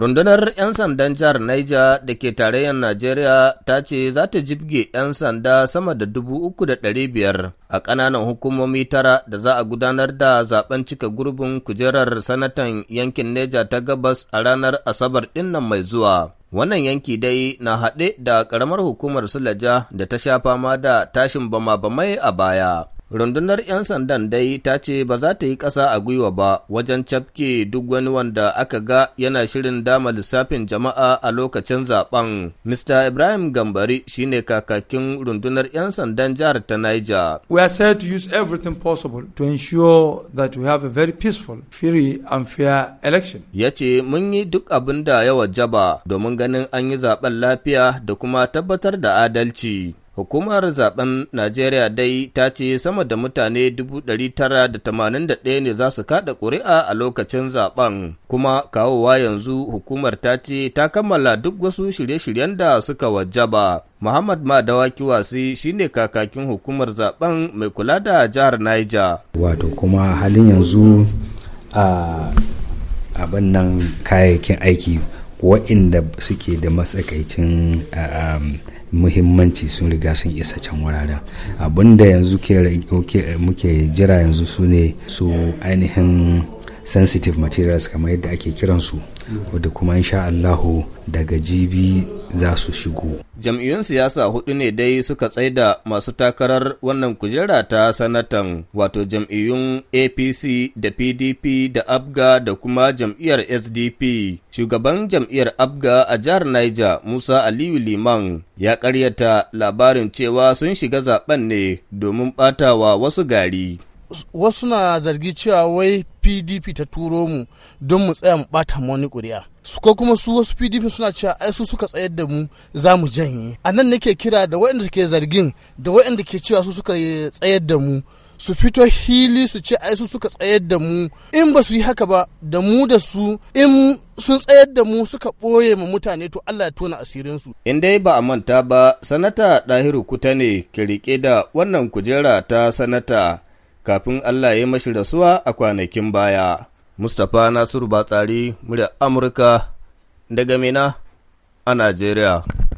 Rundunar 'yan sandan jihar Niger da ke tarayyar Najeriya ta ce za ta jibge 'yan sanda sama da dubu uku da ɗari biyar a ƙananan hukumomi tara da za a gudanar da zaben cika gurbin kujerar sanatan yankin Neja ta gabas a ranar Asabar ɗinnan mai zuwa. Wannan yanki dai na haɗe da ƙaramar hukumar Sulaja da ta sha fama da tashin bama-bamai a baya. Rundunar 'yan sandan dai ta ce ba za ta yi ƙasa a gwiwa ba wajen cafke duk wani wanda aka ga yana shirin dama lissafin jama'a a lokacin zaben. Mr. Ibrahim Gambari shine kakakin rundunar 'yan sandan jihar ta Niger. We are said to use everything possible to ensure that we have a very peaceful, free and fair election. Ya ce mun yi duk abin da ya wajaba domin ganin an yi zaben lafiya da kuma tabbatar da adalci. Hukumar zaben Najeriya dai ta ce sama da mutane 981 ne za su kada ƙuri'a a lokacin zaben, kuma kawowa yanzu hukumar ta ce ta kammala duk wasu shirye-shiryen da suka wajaba. Muhammad Madawa Kiwasi shine kakakin hukumar zaben mai kula da jihar Niger. Wato kuma halin yanzu a abin nan kayayyakin aiki waɗanda suke da matsakaicin muhimmanci sun riga sun isa can wuraren abinda yanzu muke jira yanzu su ne su ainihin sensitive materials kamar yadda ake kiransu wadda kuma insha Allahu daga jibi za su shigo. Jam'iyyun siyasa hudu ne dai suka tsaida masu takarar wannan kujera ta sanatan wato jam'iyyun APC da PDP da ABGA da kuma jam'iyyar SDP. Shugaban jam'iyyar ABGA a jihar Niger Musa Aliyu Liman ya karyata labarin cewa sun shiga zaben ne domin ɓatawa wasu gari. wasu na zargi cewa wai pdp ta turo mu don mu tsaya mu bata wani kuri'a su ko kuma su wasu pdp suna cewa ai su suka tsayar da mu za mu janye a nan nake kira da waɗanda ke zargin da waɗanda ke cewa su suka eh, tsayar da mu su fito hili su ce ai su suka tsayar da mu in ba su yi haka ba da mu da su in sun tsayar da mu suka ɓoye ma mutane to Allah ya tona asirin su. In dai ba a manta ba, sanata Ɗahiru Kuta ne ke riƙe da wannan kujera ta sanata kafin Allah ya mashi rasuwa a kwanakin baya. Mustapha Nasiru Batsari, murya Amurka, daga Mina a Najeriya.